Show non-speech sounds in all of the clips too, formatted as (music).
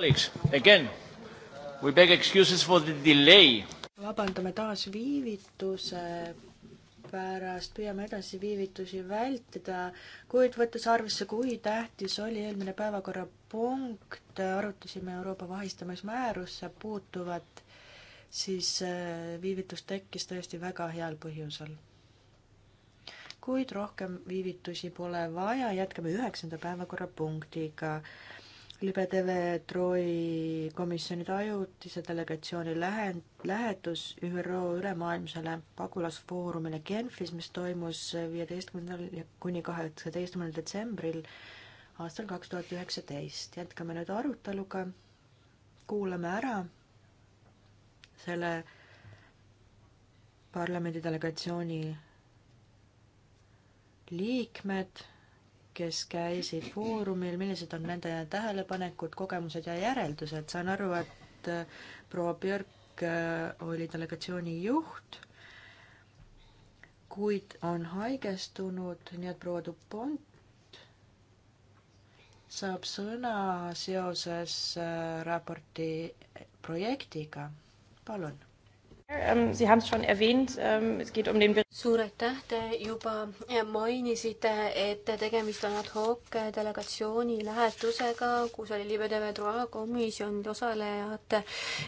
Colleagues, again, we beg excuses for the delay. vabandame taas viivituse pärast, püüame edasi viivitusi vältida, kuid võttes arvesse, kui tähtis oli eelmine päevakorrapunkt, arutasime Euroopa vahistamismäärusse puutuvat, siis äh, viivitus tekkis tõesti väga heal põhjusel. kuid rohkem viivitusi pole vaja, jätkame üheksanda päevakorrapunktiga libeteve Troi komisjonide ajutise delegatsiooni lähe-, lähetus ÜRO ülemaailmsele pagulasfoorumile Genfis, mis toimus viieteistkümnendal kuni kaheksateistkümnendal detsembril aastal kaks tuhat üheksateist. jätkame nüüd aruteluga, kuulame ära selle parlamendi delegatsiooni liikmed kes käisid foorumil, millised on nende tähelepanekud, kogemused ja järeldused. saan aru, et äh, proua Björk äh, oli delegatsiooni juht, kuid on haigestunud, nii et proua Dupont saab sõna seoses äh, raporti projektiga. palun Ähm, Sie haben es schon erwähnt, ähm, es geht um den suur aitäh, te juba äh, mainisite, et tegemist on ad hoc äh, delegatsiooni lähetusega, kus oli Libedevedroa komisjon osalejad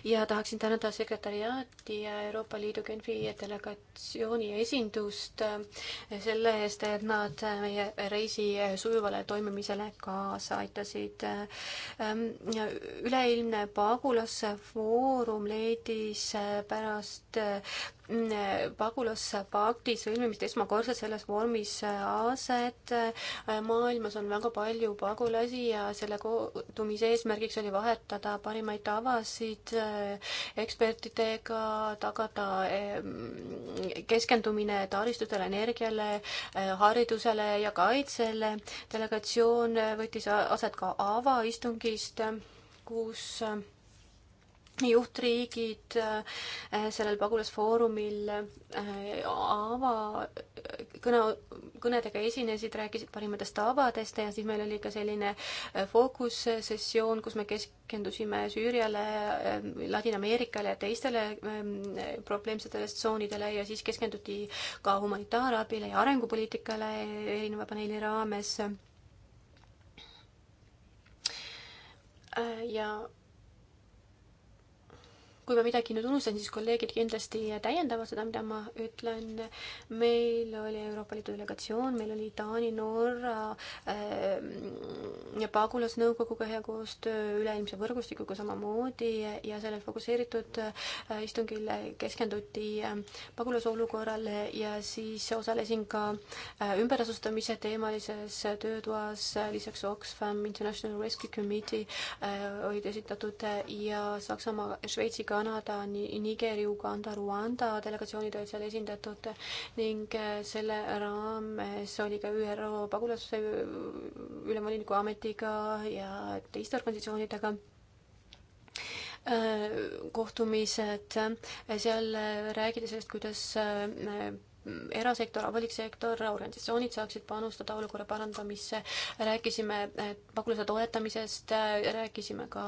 ja tahaksin tänada sekretäriaati ja Euroopa Liidu Genfi delegatsiooni esindust äh, selle eest, et nad meie reisi sujuvale toimimisele kaasa aitasid. Ähm, üleilmne pagulasfoorum leidis pärast pärast äh, pagulaspakti sõlmimist esmakordselt selles vormis äh, aset. Äh, maailmas on väga palju pagulasi ja selle kohtumise eesmärgiks oli vahetada parimaid tavasid ekspertidega, tagada keskendumine taristutele, energiale, haridusele ja kaitsele. delegatsioon võttis aset ka avaistungist, kus juhtriigid äh, sellel pagulasfoorumil äh, ava kõne, kõnedega esinesid, rääkisid parimatest tavadest ja siis meil oli ka selline äh, fookussessioon, kus me keskendusime Süüriale, Ladina-Ameerikale ja teistele ähm, probleemsetele tsoonidele ja siis keskenduti ka humanitaarabile ja arengupoliitikale erineva paneeli raames. ja kui ma midagi nüüd unustan, siis kolleegid kindlasti täiendavad seda, mida ma ütlen. meil oli Euroopa Liidu delegatsioon, meil oli Taani, Norra äh, pagulasnõukoguga hea koostöö, üleilmse võrgustikuga samamoodi ja sellel fokusseeritud äh, istungil keskenduti äh, pagulase olukorrale ja siis osalesin ka äh, ümberasustamise teemalises töötoas äh,, lisaks Oxfam International Rescue Committee äh, olid esitatud äh, ja Saksamaa, Šveitsiga Kanada, Nigeri, Uganda, Rwanda delegatsioonid olid seal esindatud ning äh, selle raames oli ka ÜRO pagulase ülemvoliniku ametiga ja teiste organisatsioonidega äh, kohtumised, seal räägiti sellest, kuidas äh, erasektor, avalik sektor, organisatsioonid saaksid panustada olukorra parandamisse, rääkisime pagulase toetamisest, rääkisime ka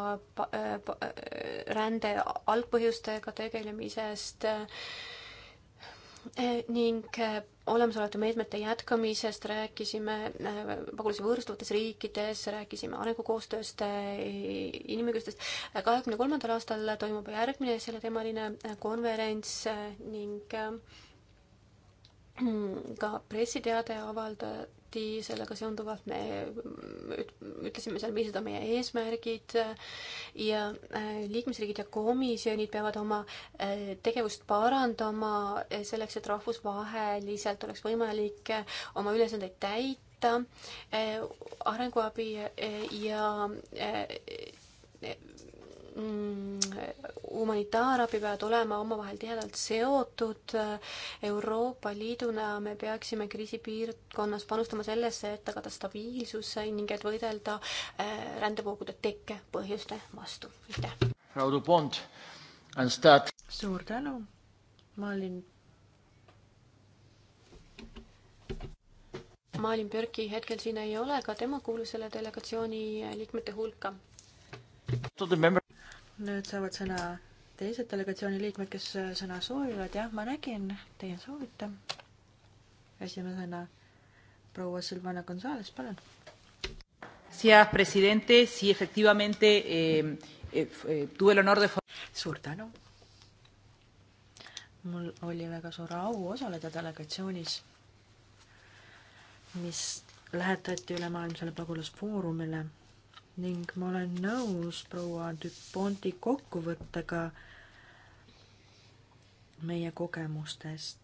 rände algpõhjustega tegelemisest ning olemasolevate meetmete jätkamisest rääkisime pagulasi võõrustavates riikides, rääkisime arengukoostööst, inimõigustest. kahekümne kolmandal aastal toimub järgmine selleteemaline konverents ning äh, (clears throat) ka pressiteade avaldati sellega seonduvalt, me ütlesime seal, millised on meie eesmärgid äh, ja äh, liikmesriigid ja komisjonid peavad oma äh, tegevust parandama selleks, et rahvusvaheliselt oleks võimalik oma ülesandeid täita arenguabi ja Mm, humanitaarabi peavad olema omavahel tihedalt seotud. Euroopa Liiduna me peaksime kriisipiirkonnas panustama sellesse, et tagada stabiilsus ning et võidelda äh, rändevoogude tekke põhjuste vastu. aitäh! suur tänu, ma olin Malin Björki hetkel siin ei ole, ka tema kuulus selle delegatsiooni liikmete hulka nüüd saavad sõna teised delegatsiooni liikmed, kes äh, sõna soovivad, jah, ma nägin, teie soovite. esimesena proua Silvana Gonzalez, palun. Ah, eh, eh, eh, suur tänu. mul oli väga suur au osaleda delegatsioonis, mis lähetati ülemaailmsele pagulasfoorumile ning ma olen nõus proua Duponti kokkuvõttega meie kogemustest.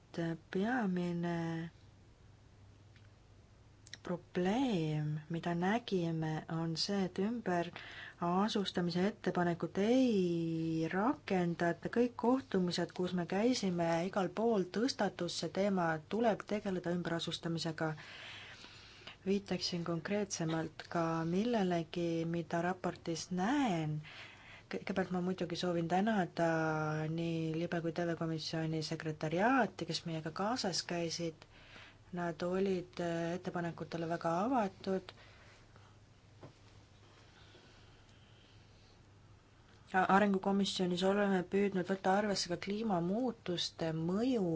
peamine probleem, mida nägime, on see, et ümberasustamise ettepanekut ei rakendata. kõik kohtumised, kus me käisime igal pool, tõstatus see teema, tuleb tegeleda ümberasustamisega viitaksin konkreetsemalt ka millelegi, mida raportis näen. kõigepealt ma muidugi soovin tänada nii libe kui telekomisjoni sekretariaati, kes meiega kaasas käisid. Nad olid ettepanekutele väga avatud arengukomisjonis oleme püüdnud võtta arvesse ka kliimamuutuste mõju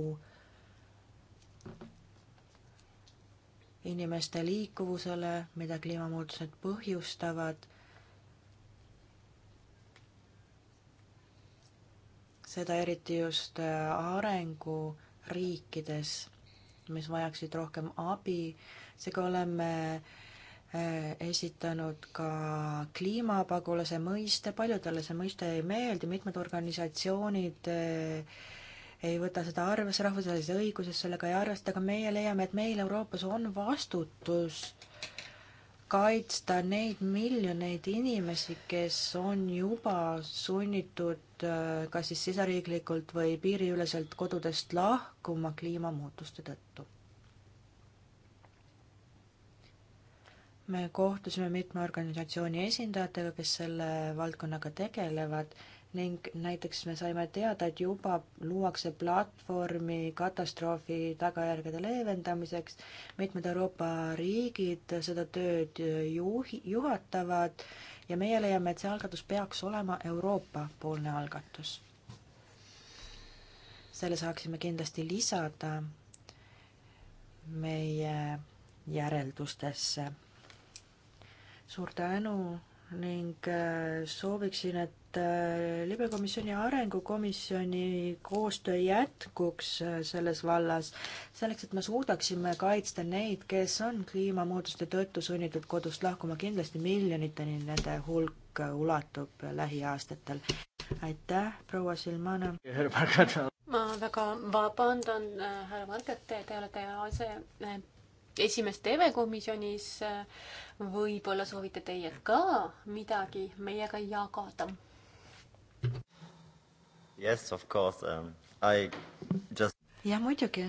inimeste liikuvusele, mida kliimamuutused põhjustavad. seda eriti just äh, arenguriikides, mis vajaksid rohkem abi, seega oleme äh, esitanud ka kliimapagulase mõiste, paljudele see mõiste ei meeldi, mitmed organisatsioonid äh, ei võta seda arvesse, rahvusvahelises õiguses sellega ei arvesta, aga meie leiame, et meil Euroopas on vastutus kaitsta neid miljoneid inimesi, kes on juba sunnitud äh, kas siis siseriiklikult või piiriüleselt kodudest lahkuma kliimamuutuste tõttu. me kohtusime mitme organisatsiooni esindajatega, kes selle valdkonnaga tegelevad ning näiteks me saime teada, et juba luuakse platvormi katastroofi tagajärgede leevendamiseks, mitmed Euroopa riigid seda tööd juhi, juhatavad ja meie leiame, et see algatus peaks olema Euroopa-poolne algatus. selle saaksime kindlasti lisada meie järeldustesse. suur tänu ning äh, sooviksin, et et äh, libekomisjoni ja arengukomisjoni koostöö jätkuks äh, selles vallas, selleks, et me suudaksime kaitsta neid, kes on kliimamuutuste tõttu sunnitud kodust lahkuma, kindlasti miljoniteni nende hulk äh, ulatub lähiaastatel. aitäh, proua Silmana! ma väga vabandan, härra Market, te olete ase esimest TV-komisjonis, võib-olla soovite teie ka midagi meiega jagada? Yes, of course um,. I just. jah, muidugi.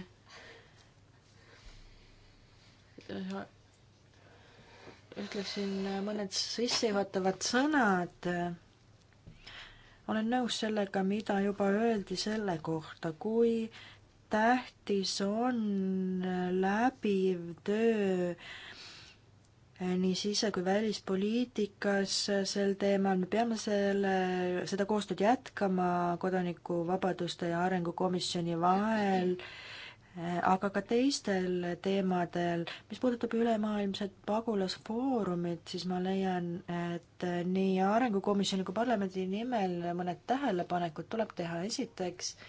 ütlesin äh, mõned sissejuhatavad sõnad. olen nõus sellega, mida juba öeldi selle kohta, kui tähtis on äh, läbiv töö Äh, nii sise- kui välispoliitikas äh, sel teemal, me peame selle, seda koostööd jätkama kodanikuvabaduste ja arengukomisjoni vahel, äh, aga ka teistel teemadel. mis puudutab ülemaailmset pagulasfoorumit, siis ma leian, et nii arengukomisjoni kui parlamendi nimel mõned tähelepanekud tuleb teha. esiteks äh,,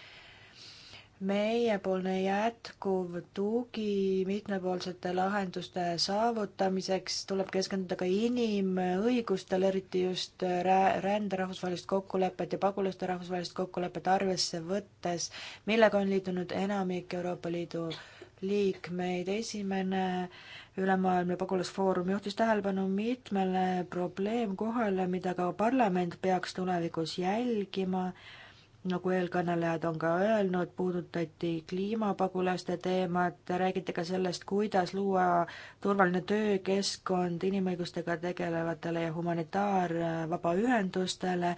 meiepoolne jätkuv tugi mitmepoolsete lahenduste saavutamiseks tuleb keskenduda ka inimõigustele, eriti just rände rahvusvahelist kokkulepet ja pagulaste rahvusvahelist kokkulepet arvesse võttes, millega on liitunud enamik Euroopa Liidu liikmeid. esimene ülemaailmne pagulasfoorum juhtis tähelepanu mitmele probleemkohale, mida ka parlament peaks tulevikus jälgima nagu eelkõnelejad on ka öelnud, puudutati kliimapagulaste teemat, räägiti ka sellest, kuidas luua turvaline töökeskkond inimõigustega tegelevatele ja humanitaarvabaühendustele,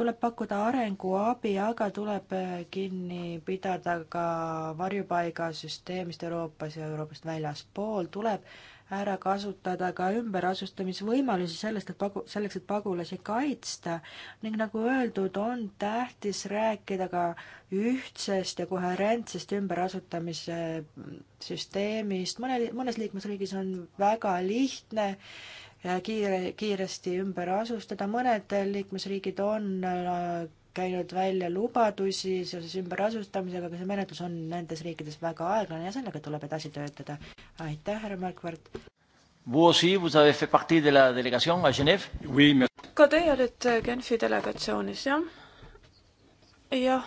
tuleb pakkuda arenguabi, aga tuleb kinni pidada ka varjupaigasüsteemist Euroopas ja Euroopast väljaspool, tuleb ära kasutada ka ümberasustamisvõimalusi sellest, et pagu-, selleks, et pagulasi kaitsta ning nagu öeldud, on tähtis rääkida ka ühtsest ja koherentsest ümberasutamise süsteemist, mõne, mõnes liikmesriigis on väga lihtne äh, kiire, kiiresti ümber asustada, mõned liikmesriigid on äh, käinud välja lubadusi seoses ümberasustamisega, aga see menetlus on nendes riikides väga aeglane ja sellega tuleb edasi töötada. aitäh, härra Markvart! ka teie olite Genfi delegatsioonis, jah? jah,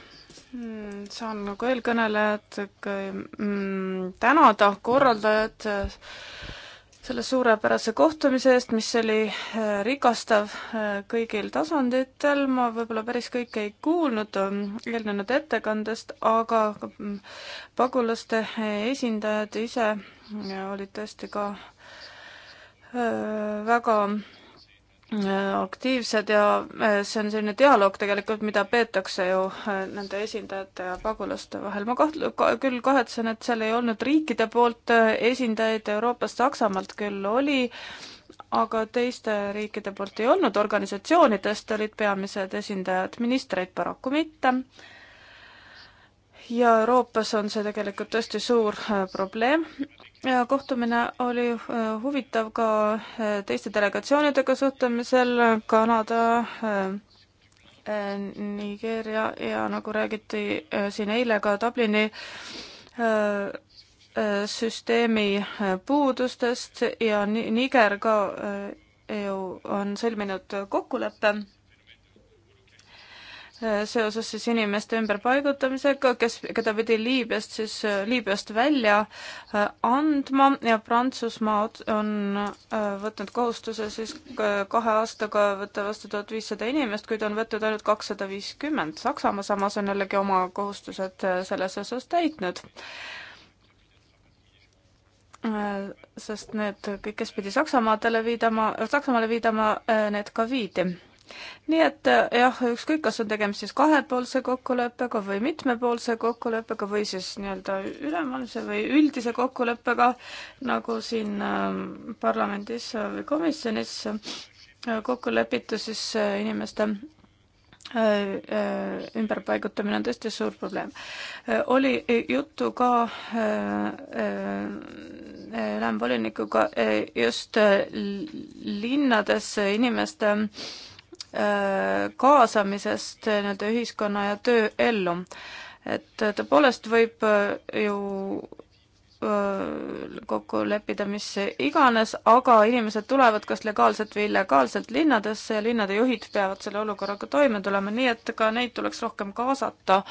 mm, saan nagu eelkõnelejat mm, tänada korraldajat selle suurepärase kohtumise eest, mis oli äh, rikastav äh, kõigil tasanditel, ma võib-olla päris kõike ei kuulnud ähm, eelnenud ettekandest, aga ähm, pagulaste äh, esindajad ise olid tõesti ka väga Äh, aktiivsed ja äh, see on selline dialoog tegelikult, mida peetakse ju äh, nende esindajate ja pagulaste vahel. ma kaht- ka,, küll kahetsen, et seal ei olnud riikide poolt esindajaid, Euroopast, Saksamaalt küll oli, aga teiste riikide poolt ei olnud, organisatsioonidest olid peamised esindajad, ministreid paraku mitte ja Euroopas on see tegelikult tõesti suur äh, probleem. ja kohtumine oli äh, huvitav ka äh, teiste delegatsioonidega suhtlemisel, Kanada, Nigeeria ja nagu räägiti siin eile ka Dublini süsteemi puudustest ja Niger ka ju on sõlminud kokkuleppe Äh, seoses siis inimeste ümberpaigutamisega, kes, keda pidi Liibüast siis, äh, Liibüast välja äh, andma ja Prantsusmaa on võtnud kohustuse siis kahe aastaga võtta vastu tuhat viissada inimest, kuid on võtnud ainult kakssada viiskümmend. Saksamaa samas on jällegi oma kohustused selles osas täitnud sest need kõik, kes pidi Saksamaadele viidama, Saksamaale viidama, need ka viidi nii et eh, jah, ükskõik, kas on tegemist siis kahepoolse kokkuleppega või mitmepoolse kokkuleppega või siis nii-öelda ülemaailmse või üldise kokkuleppega, nagu siin eh, parlamendis või komisjonis eh, kokku lepitud, siis inimeste ümberpaigutamine on tõesti suur probleem. oli juttu ka ülemvolinikuga just linnades inimeste Äh, kaasamisest nii-öelda ühiskonna ja tööellu. et äh, tõepoolest võib äh, ju kokku leppida mis iganes, aga inimesed tulevad kas legaalselt või illegaalselt linnadesse ja linnade juhid peavad selle olukorraga toime tulema, nii et ka neid tuleks rohkem kaasata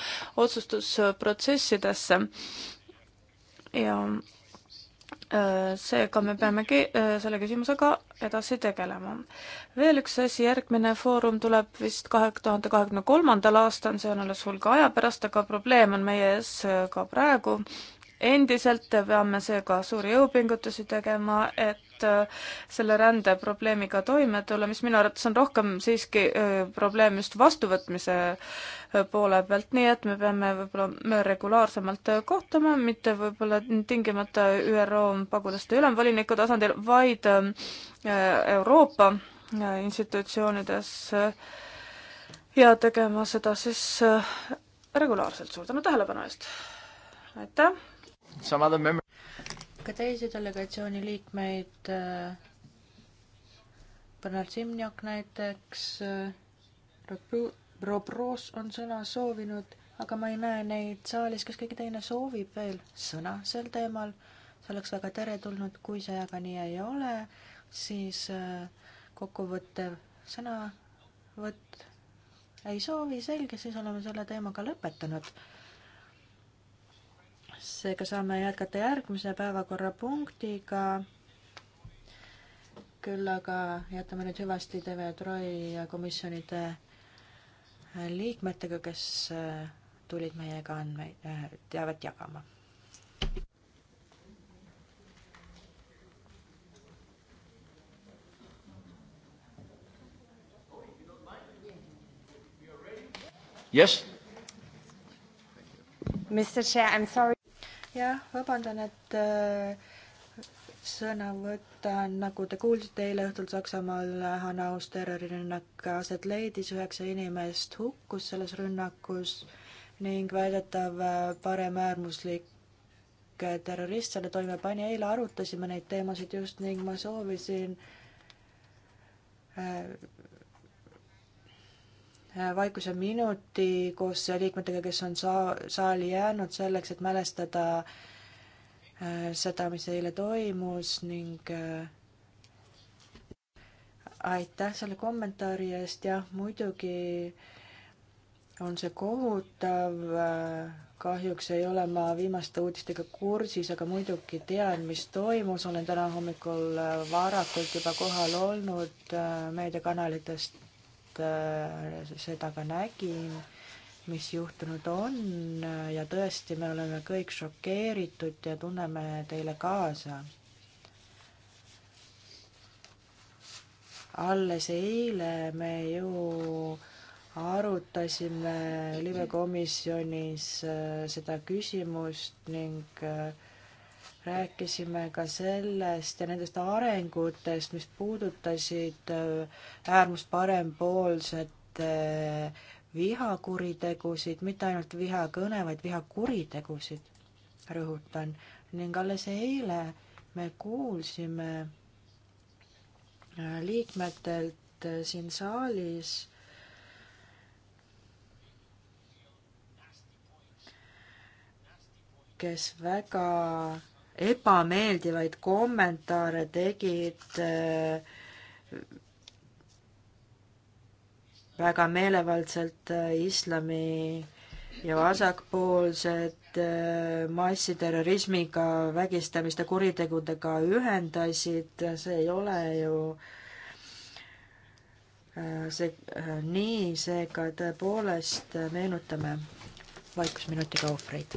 otsustusprotsessidesse. ja Äh, seega me peame äh, selle küsimusega edasi tegelema. veel üks asi, järgmine foorum tuleb vist kahe tuhande kahekümne kolmandal aastal, see on alles hulga aja pärast, aga probleem on meie ees äh, ka praegu. endiselt peame seega suuri jõupingutusi tegema, et et äh, selle rändeprobleemiga toime tulla, mis minu arvates on rohkem siiski äh, probleem just vastuvõtmise äh, poole pealt, nii et me peame võib-olla regulaarsemalt kohtuma, mitte võib-olla tingimata ÜRO pagulaste ülemvoliniku tasandil, vaid ähm, Euroopa institutsioonides ja tegema seda siis regulaarselt. suur tänu tähelepanu eest! aitäh! ka teisi delegatsiooni liikmeid, äh, Bernard Simniok näiteks, äh, Robros on sõna soovinud, aga ma ei näe neid saalis, kas keegi teine soovib veel sõna sel teemal? see oleks väga teretulnud, kui see aga nii ei ole, siis äh, kokkuvõttev sõnavõtt ei soovi, selge, siis oleme selle teemaga lõpetanud seega saame jätkata järgmise päevakorrapunktiga. küll aga jätame nüüd hüvasti TV Troi komisjonide liikmetega, kes äh, tulid meiega andmeid, äh, teavet jagama Yes. Mr. Chair, I'm sorry jah, vabandan, et äh, sõna võtan, nagu te kuulsite, eile õhtul Saksamaal Hanaus terrorirünnak aset leidis, üheksa inimest hukkus selles rünnakus ning väidetav äh, paremäärmuslik äh, terrorist selle toime pani. eile arutasime neid teemasid just ning ma soovisin vaikuseminuti koos liikmetega, kes on saa-, saali jäänud, selleks, et mälestada äh, seda, mis eile toimus ning äh, aitäh selle kommentaari eest, jah, muidugi on see kohutav, äh, kahjuks ei ole ma viimaste uudistega kursis, aga muidugi tean, mis toimus, olen täna hommikul varakult juba kohal olnud meediakanalitest Äh, seda ka nägin, mis juhtunud on ja tõesti, me oleme kõik šokeeritud ja tunneme teile kaasa. alles eile me ju arutasime libekomisjonis äh, seda küsimust ning äh, rääkisime ka sellest ja nendest arengutest, mis puudutasid äh, äärmust parempoolsete äh, vihakuritegusid, mitte ainult vihakõne, vaid vihakuritegusid, rõhutan. ning alles eile me kuulsime äh, liikmetelt siin saalis kes väga ebameeldivaid kommentaare tegid äh, väga meelevaldselt äh, islami ja vasakpoolsed äh, massiterrorismiga, vägistamiste kuritegudega ühendasid, see ei ole ju see, nii, seega tõepoolest meenutame vaikusminutiga ohvreid.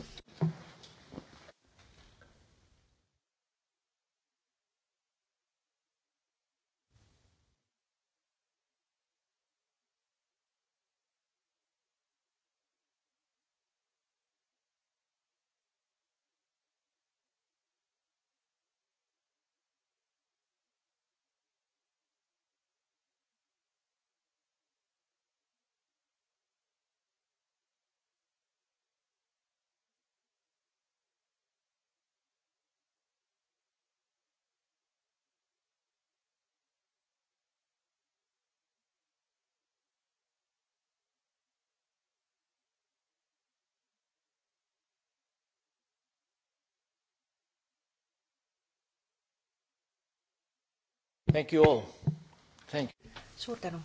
suur tänu!